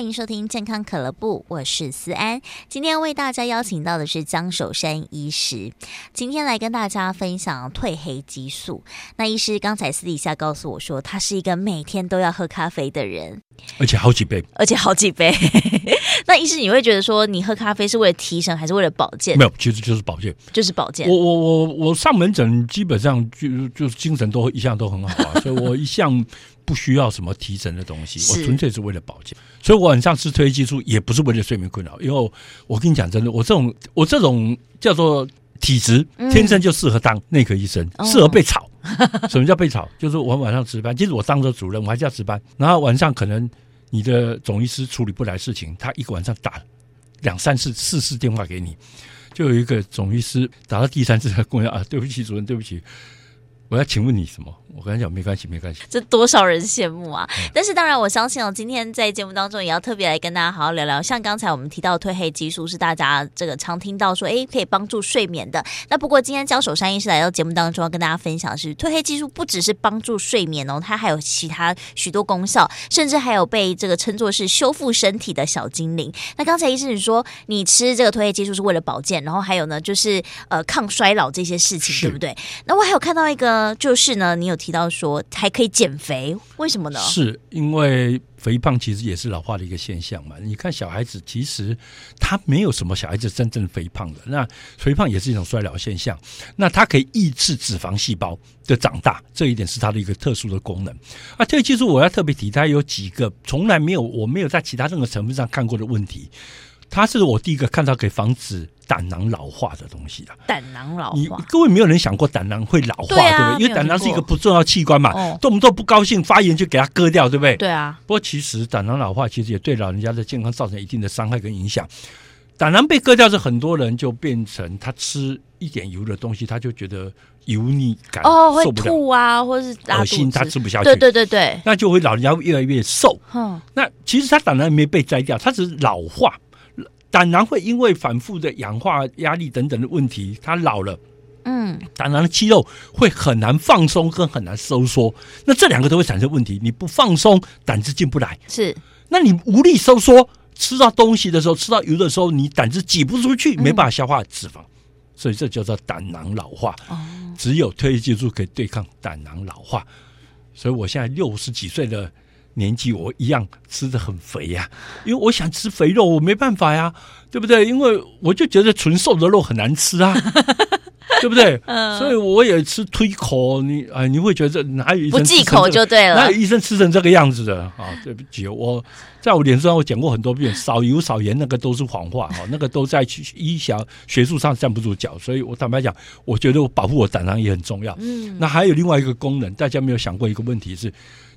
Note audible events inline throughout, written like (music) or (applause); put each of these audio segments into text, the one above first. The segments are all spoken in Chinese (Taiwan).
歡迎收聽健康可樂部，我是思安。今天為大家邀請到的是江守山醫師，今天來跟大家分享褪黑激素。那醫師剛才私底下告訴我說，他是一個每天都要喝咖啡的人，而且好幾杯，而且好幾杯。 (laughs) 那醫師你會覺得說，你喝咖啡是為了提神，還是為了保健？沒有，其實就是保健，就是保健。我我我我上門診，基本上就就是精神都一向都很好啊， (laughs) 所以我一向不需要什麼提神的東西，是我純粹是為了保健。所以晚上吃褪黑激素也不是為了睡眠困擾，因為我，我跟你講真的，我這種我這種叫做體質，天生就適合當內科醫生，適、嗯、合被炒。 (laughs) 什麼叫被炒？就是我晚上值班，即使我當了主任，我還是要值班。然後晚上可能。你的總醫師處理不來事情，他一個晚上打兩三次、四次電話給你，就有一個總醫師打到第三次，他跟我說：“啊，對不起，主任，對不起。”我要請問你什麼？我跟他講沒關係，沒關係。這多少人羨慕啊！嗯、但是當然，我相信哦，今天在節目當中也要特別來跟大家好好聊聊。像剛才我們提到的褪黑激素是大家這個常聽到說，哎，可以幫助睡眠的。那不過今天江守山醫師來到節目當中，要跟大家分享的是褪黑激素不只是幫助睡眠哦，它還有其他許多功效，甚至還有被這個稱作是修復身體的小精靈。那剛才醫生你說，你吃這個褪黑激素是為了保健，然後還有呢，就是呃抗衰老這些事情，是對不對？那我還有看到一個。呃，就是呢，你有提到說還可以減肥，為什麼呢？是因為肥胖其實也是老化的一個現象嘛。你看小孩子其實他沒有什麼小孩子真正肥胖的，那肥胖也是一種衰老現象。那它可以抑制脂肪細胞的長大，這一點是它的一個特殊的功能啊。這個技術我要特別提，它有幾個從來沒有我沒有在其他任何成分上看過的問題。它是我第一個看到可以防止膽囊老化的東西啊。膽囊老化，你各位沒有人想過膽囊會老化對、啊，對不對？因為膽囊是一個不重要器官嘛，動、嗯、不動不高興發炎就給它割掉，對不對？對啊。不過其實膽囊老化其實也對老人家的健康造成一定的傷害跟影響。膽囊被割掉，是很多人就變成他吃一點油的東西，他就覺得油膩感哦，受不了會吐啊，或者是噁心，他吃不下去。對對對對，那就會老人家越來越瘦。嗯，那其實他膽囊也沒被摘掉，他只是老化。膽囊會因為反覆的氧化壓力等等的問題，它老了，嗯，膽囊的肌肉會很難放鬆，跟很難收縮。那這兩個都會產生問題。你不放鬆，膽汁進不來；是，那你無力收縮，吃到東西的時候，吃到油的時候，你膽汁擠不出去，沒辦法消化脂肪。嗯、所以這叫做膽囊老化。哦、只有褪黑激素可以對抗膽囊老化。所以我現在六十幾歲了。年紀我一樣吃得很肥呀、啊，因為我想吃肥肉，我沒辦法呀、啊，對不對？因為我就覺得純瘦的肉很難吃啊， (laughs) 對不對？呃、所以我也吃推口，你啊、哎，你會覺得哪有一、這個、不忌口就對了，哪有醫生吃成這個樣子的啊、哦？對不起，我在我臉上我講過很多遍，少油少鹽那個都是謊話、哦、那個都在醫學學術上站不住腳，所以我坦白講，我覺得我保護我膽囊也很重要。嗯、那還有另外一個功能，大家沒有想過一個問題是。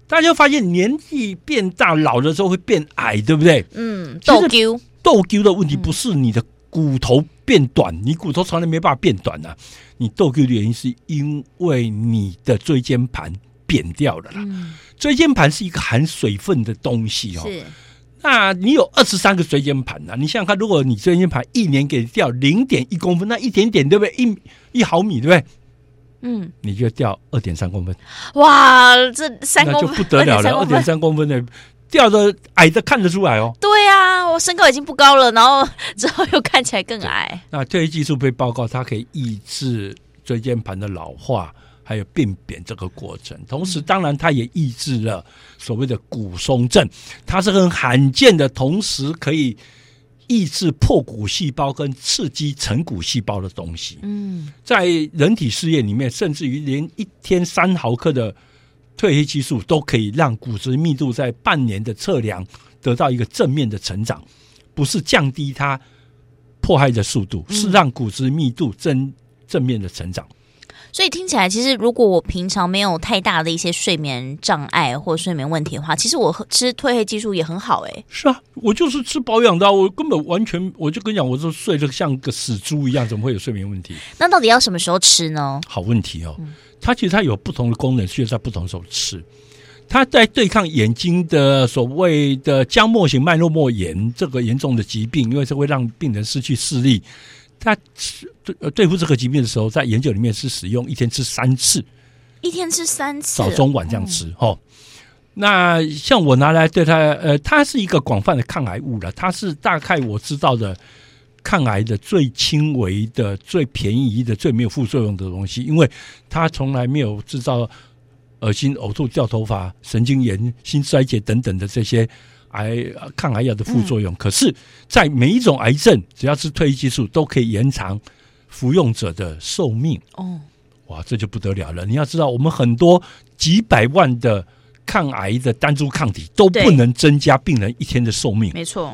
大家發現年紀變大，老的時候會變矮，對不對？嗯，豆丟豆丟的問題不是你的骨頭變短，嗯、你骨頭從來沒辦法變短啊。你豆丟的原因是因為你的椎間盤扁掉了啦。嗯、椎間盤是一個含水分的東西哦。是。那你有二十三個椎間盤啊？你想想看，如果你椎間盤一年給掉零點一公分，那一點點對不對？一一毫米對不對？嗯，你就掉二點三公分。哇，這三公分那就不得了了，二點三公分的掉的矮的看得出來哦。對啊，我身高已經不高了，然後之後又看起來更矮。那褪黑激素被報告，它可以抑制椎間盤的老化還有病變這個過程，同時當然它也抑制了所謂的骨鬆症，它是很罕見的，同時可以。抑制破骨細胞跟刺激成骨細胞的東西。嗯，在人體試驗裡面，甚至於連一天三毫克的褪黑激素都可以讓骨質密度在半年的測量得到一個正面的成長，不是降低它破壞的速度，嗯、是讓骨質密度正正面的成長。所以聽起來，其實如果我平常沒有太大的一些睡眠障礙或睡眠問題的話，其實我吃褪黑激素也很好。欸，哎。是啊，我就是吃保養的，啊，我根本完全，我就跟你講，我就睡得像個死豬一樣，怎麼會有睡眠問題？那到底要什麼時候吃呢？好問題哦，嗯、它其實它有不同的功能，需要在不同的時候吃。它在對抗眼睛的所謂的漿膜型脈絡膜炎這個嚴重的疾病，因為這會讓病人失去視力。他對呃對付這個疾病的時候，在研究裡面是使用一天吃三次，一天吃三次，早中晚這樣吃哈。那像我拿來對他，呃，它是一個廣泛的抗癌物了，它是大概我知道的抗癌的最輕微的、最便宜的、最沒有副作用的東西，因為它從來沒有製造噁心、嘔吐、掉頭髮、神經炎、心衰竭等等的這些。癌抗癌藥的副作用，嗯、可是，在每一種癌症，只要是褪黑激素都可以延長服用者的壽命。哦，哇，這就不得了了！你要知道，我們很多幾百萬的抗癌的單株抗體都不能增加病人一天的壽命。沒錯，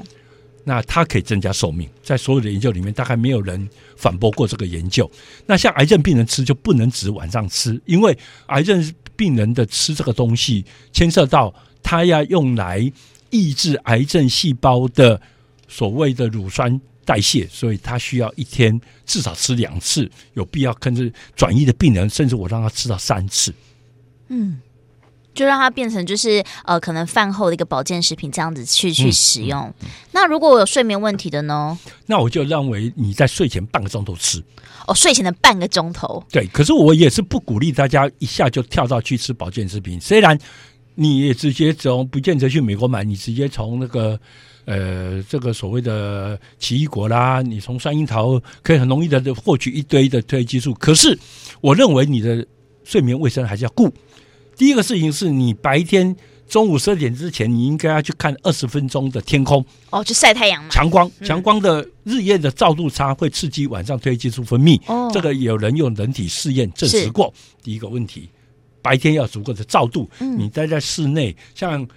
那它可以增加壽命，在所有的研究裡面，大概沒有人反駁過這個研究。那像癌症病人吃，就不能只晚上吃，因為癌症病人的吃這個東西，牽涉到他要用來。抑制癌症細胞的所謂的乳酸代謝，所以它需要一天至少吃兩次，有必要跟着轉移的病人，甚至我讓他吃到三次。嗯，就讓它變成就是呃，可能飯後的一個保健食品，這樣子去去使用。嗯嗯嗯、那如果我有睡眠問題的呢？那我就認為你在睡前半個鐘頭吃哦，睡前的半個鐘頭。對，可是我也是不鼓勵大家一下就跳到去吃保健食品，雖然。你也直接從不見得去美國買，你直接從那個呃這個所謂的奇異果啦，你從酸櫻桃，可以很容易的就獲取一堆的褪黑激素。可是我認為你的睡眠衛生還是要顧。第一個事情是你白天中午十二點之前，你應該要去看二十分鐘的天空哦，去曬太陽嘛。強光強光的日夜的照度差會刺激晚上褪黑激素分泌，哦，這個有人用人體試驗證實過。是第一個問題。白天要足夠的照度，你待在室內，嗯、像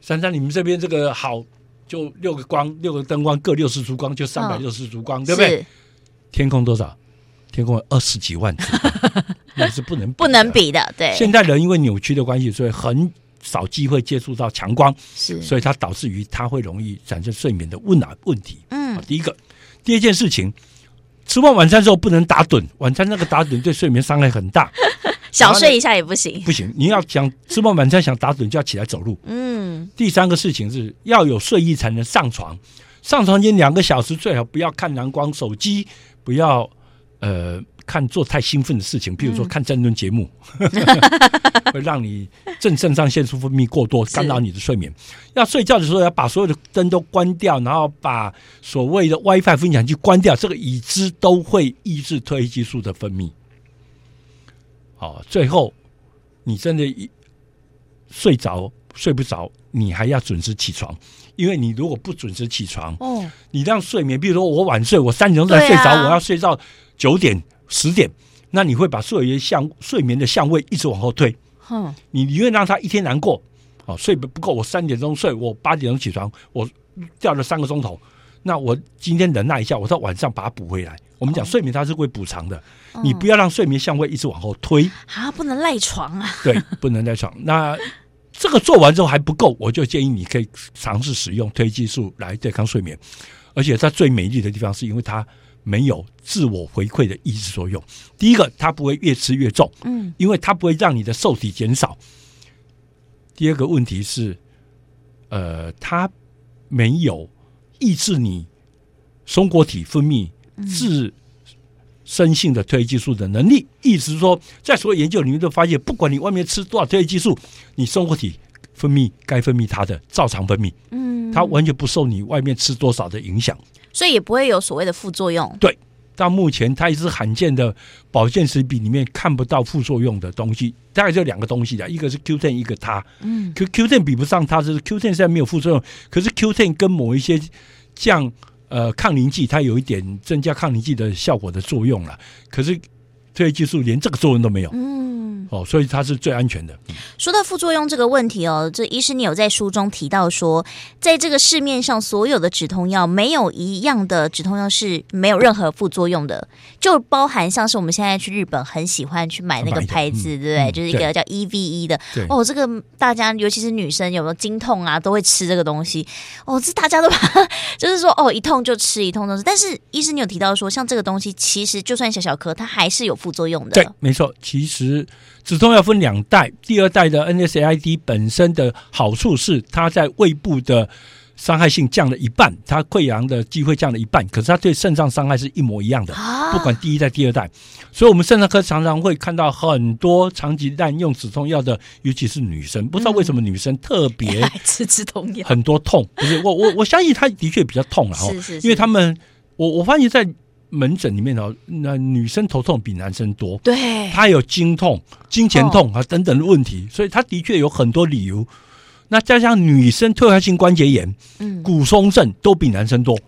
珊珊你們這邊這個好，就六個光，六個燈光，各六十燭光，就三百六十燭光，哦、對不對？是天空多少？天空有二十幾萬，那 (laughs) 是不能不能比的。對，現代人因為扭曲的關係，所以很少機會接觸到強光，是所以它導致於它會容易產生睡眠的問啊問題。嗯好，第一個，第一件事情，吃完晚餐之後不能打盹，晚餐那個打盹對睡眠傷害很大。 (laughs) 小睡一下也不行，不行。你要想吃完晚餐，想打盹，就要起來走路。 (laughs) 嗯，第三個事情是要有睡意才能上床。上床前兩個小時最好不要看藍光手機，不要呃看做太興奮的事情，嗯、比如說看戰爭節目， (laughs) (laughs) (laughs) 會讓你正腎上腺素分泌過多，干擾 (laughs) 你的睡眠。是要睡覺的時候要把所有的燈都關掉，然後把所謂的 WiFi 分享器關掉，這個已知都會抑制褪黑激素的分泌。哦，最後你真的睡着睡不着，你還要準時起床，因為你如果不準時起床，哦，你讓睡眠，比如說我晚睡，我三點鐘才睡着，啊、我要睡到九點十點，那你會把睡眠像睡眠的相位一直往後推。嗯、你寧願讓他一天難過。哦，睡不夠，我三點鐘睡，我八點鐘起床，我掉了三個鐘頭。那我今天忍耐一下，我到晚上把它補回來。Oh. 我們講睡眠它是會補償的，oh. 你不要讓睡眠相位一直往後推啊，不能賴床啊。對，不能賴床、啊。 (laughs) 那這個做完之後還不夠，我就建議你可以嘗試使用褪黑激素來對抗睡眠。而且它最美麗的地方是因為它沒有自我回饋的抑制作用。第一個，它不會越吃越重，嗯，因為它不會讓你的受體減少。第二個問題是，呃，它沒有。抑制你松果體分泌自身性的褪黑激素的能力，嗯、意思是說，在所有研究裡面都發現，不管你外面吃多少褪黑激素，你松果體分泌該分泌它的，照常分泌，嗯，它完全不受你外面吃多少的影響，所以也不會有所謂的副作用。對。到目前，它也是罕見的保健食品裡面看不到副作用的東西，大概就兩個東西的，一個是 Q10，一個它。嗯，Q Q10 比不上它，就是 Q10 雖然沒有副作用，可是 Q10 跟某一些降呃抗凝劑，它有一點增加抗凝劑的效果的作用了，可是。這些激素連這個作用都沒有。嗯，哦，所以它是最安全的。嗯、說到副作用這個問題哦，這醫師你有在書中提到說，在這個市面上所有的止痛藥，沒有一樣的止痛藥是沒有任何副作用的，就包含像是我們現在去日本很喜歡去買那個牌子，嗯、對不對？嗯、就是一個叫 EVE 的，對哦，這個大家尤其是女生，有沒有經痛啊，都會吃這個東西。哦，這大家都怕，就是說，哦，一痛就吃一痛東西。但是醫師你有提到說，像這個東西，其實就算小小顆，它還是有。副作用的對，沒錯。其實止痛藥分兩代，第二代的 NSAID 本身的好處是，它在胃部的傷害性降了一半，它潰瘍的機會降了一半。可是它對腎臟傷害是一模一樣的，啊、不管第一代、第二代。所以，我們腎臟科常常會看到很多長期濫用止痛藥的，尤其是女生，不知道為什麼女生特別吃止痛藥，很多痛。嗯、痛不是我，我我相信她的確比較痛了。是 (laughs) 因為他們我我發現在。門診裡面哦，那女生頭痛比男生多，對，他有經痛、經前痛啊、哦、等等的問題，所以他的確有很多理由。那加上女生退化性關節炎、嗯、骨鬆症都比男生多，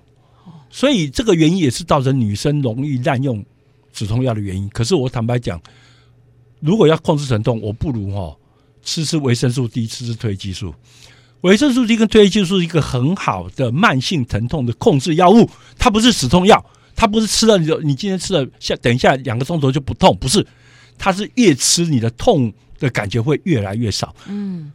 所以這個原因也是造成女生容易濫用止痛藥的原因。可是我坦白講，如果要控制疼痛，我不如哈、哦、吃吃維生素 D，吃吃褪黑激素。維生素 D 跟褪黑激素是一個很好的慢性疼痛的控制藥物，它不是止痛藥。它不是吃了你就你今天吃了下等一下兩個鐘頭就不痛，不是，它是越吃你的痛的感覺會越來越少。嗯，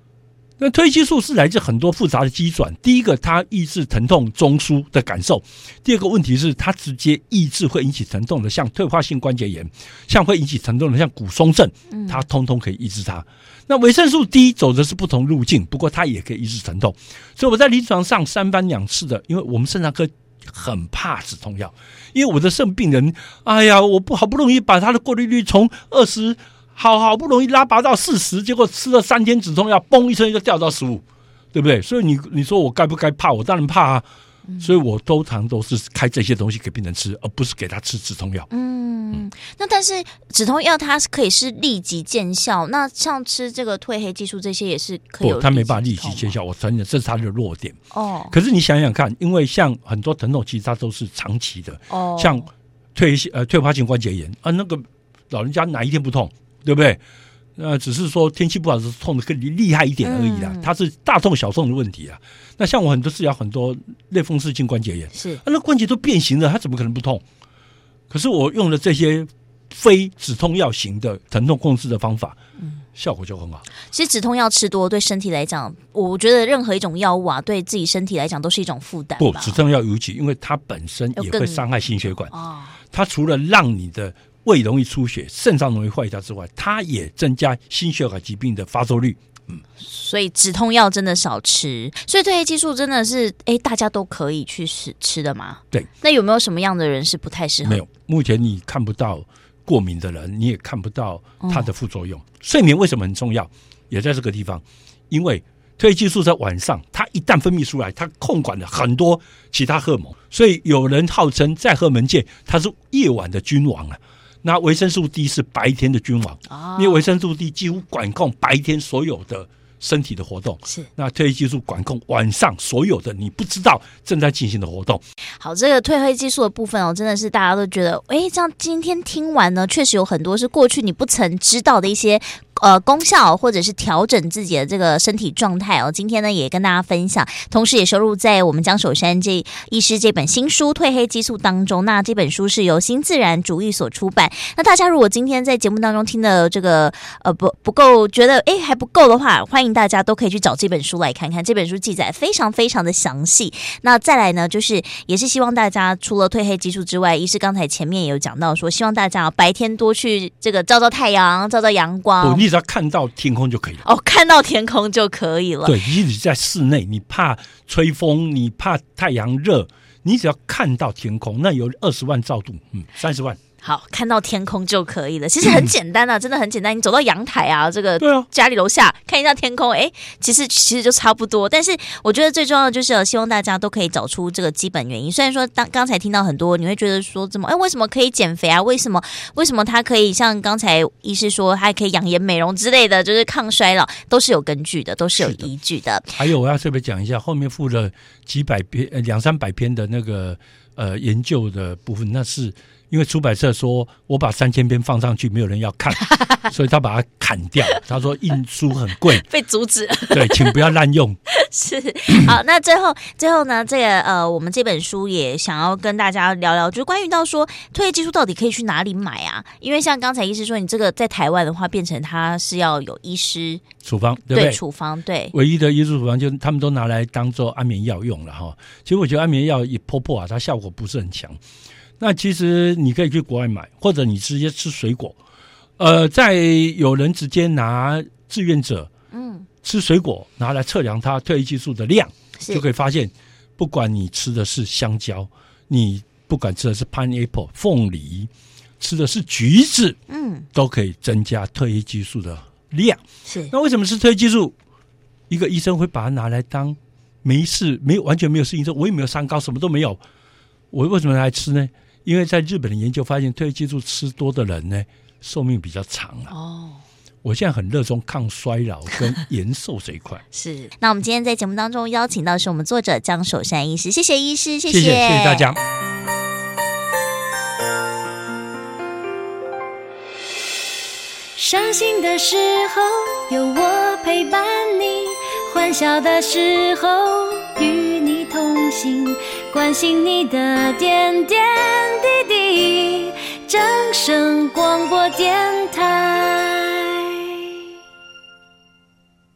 那褪黑激素是來自很多複雜的機轉，第一個它抑制疼痛中樞的感受，第二個問題是它直接抑制會引起疼痛的，像退化性關節炎，像會引起疼痛的，像骨鬆症，它通通可以抑制它。嗯、那維生素 D 走的是不同路徑，不過它也可以抑制疼痛。所以我在臨床上三番兩次的，因為我們腎臟科。很怕止痛藥，因為我的腎病人，哎呀，我不好不容易把他的過濾率從二十，好好不容易拉拔到四十，結果吃了三天止痛藥，嘣一聲就掉到十五，對不對？所以你你說我該不該怕？我當然怕啊，所以我通常都是開這些東西給病人吃，而不是給他吃止痛藥。嗯。嗯，那但是止痛藥它是可以是立即見效，那像吃這個褪黑激素這些也是可以。不，它沒辦法立即見效，啊、我承認這是它的弱點。哦，可是你想想看，因為像很多疼痛其實它都是長期的。哦，像退呃退化性關節炎啊，那個老人家哪一天不痛？對不對？那、呃、只是說天氣不好是痛的更厲害一點而已啦。嗯、它是大痛小痛的問題啊。那像我很多治療很多類風濕性關節炎，是啊，那關節都變形了，它怎麼可能不痛？可是我用了這些非止痛藥型的疼痛控制的方法，嗯，效果就很好。其實止痛藥吃多對身體來講，我覺得任何一種藥物啊，對自己身體來講都是一種負擔。不，止痛藥尤其，因為它本身也會傷害心血管。哦，它除了讓你的胃容易出血、腎臟容易壞掉之外，它也增加心血管疾病的發作率。嗯、所以止痛藥真的少吃，所以褪黑激素真的是哎、欸，大家都可以去吃吃的嗎？對，那有沒有什麼樣的人是不太適合？沒有，目前你看不到過敏的人，你也看不到它的副作用。哦、睡眠為什麼很重要？也在這個地方，因為褪黑激素在晚上，它一旦分泌出來，它控管了很多其他荷爾蒙，所以有人號稱在荷爾蒙界，它是夜晚的君王啊。那維生素 D 是白天的君王，哦、因為維生素 D 幾乎管控白天所有的身體的活動。是，那褪黑激素管控晚上所有的你不知道正在進行的活動。好，這個褪黑激素的部分哦，真的是大家都覺得，哎、欸，這樣今天聽完呢，確實有很多是過去你不曾知道的一些。呃，功效或者是調整自己的這個身體狀態哦。今天呢，也跟大家分享，同時也收錄在我們江守山這醫師這本新書《褪黑激素》當中。那這本書是由新自然主義所出版。那大家如果今天在節目當中聽的這個呃不不夠，覺得誒還不夠的話，歡迎大家都可以去找這本書來看看。這本書記載非常非常的詳細。那再來呢，就是也是希望大家除了褪黑激素之外，醫師剛才前面也有講到說，希望大家白天多去這個照照太陽，照照陽光。哦你只要看到天空就可以了。哦，看到天空就可以了。對，一直在室內，你怕吹風，你怕太陽熱，你只要看到天空，那有二十萬照度，嗯，三十萬。好，看到天空就可以了。其實很簡單啊， (coughs) 真的很簡單。你走到陽台啊，這個家裡樓下看一下天空，哎、欸，其實其實就差不多。但是我覺得最重要的就是希望大家都可以找出這個基本原因。雖然說當剛才聽到很多，你會覺得說怎麼哎，為什麼可以減肥啊？為什麼為什麼它可以像剛才醫師說，它還可以養顏美容之類的，就是抗衰老，都是有根據的，都是有依據的。是的，還有我要特別講一下，後面附了幾百篇呃、兩三百篇的那個呃研究的部分，那是。因為出版社說，我把三千篇放上去，沒有人要看， (laughs) 所以他把它砍掉。 (laughs) 他說印書很貴，被阻止。 (laughs) 對，請不要濫用。是 (coughs) 好，那最後最後呢？這個呃，我們這本書也想要跟大家聊聊，就是關於到說，退液技術到底可以去哪裡買啊？因為像剛才醫師說，你這個在台灣的話，變成他是要有醫師處方，對、對、對處方，對，唯一的醫師處方就，就他們都拿來當做安眠藥用了哈。其實我覺得安眠藥一潑潑啊，它效果不是很強。那其實你可以去國外買，或者你直接吃水果。呃，在有人直接拿志願者，嗯，吃水果拿來測量它褪黑激素的量，嗯、就可以發現，不管你吃的是香蕉，是你不管吃的是 pineapple 鳳梨，吃的是橘子，嗯，都可以增加褪黑激素的量。是，那為什麼是褪黑激素？一個醫生會把它拿來當沒事，沒有，完全沒有適應症，我也沒有三高，什麼都沒有，我為什麼來吃呢？因為在日本的研究發現，褪黑激素吃多的人呢，壽命比較長了、啊。哦，我現在很熱衷抗衰老跟延壽這一塊。 (laughs) 是。那我們今天在節目當中邀請到是我們作者江守山醫師，謝謝醫師，謝謝，謝謝，謝謝大家。傷心的時候有我陪伴你，歡笑的時候與你同行。關心你的點點滴滴，正聲廣播電台。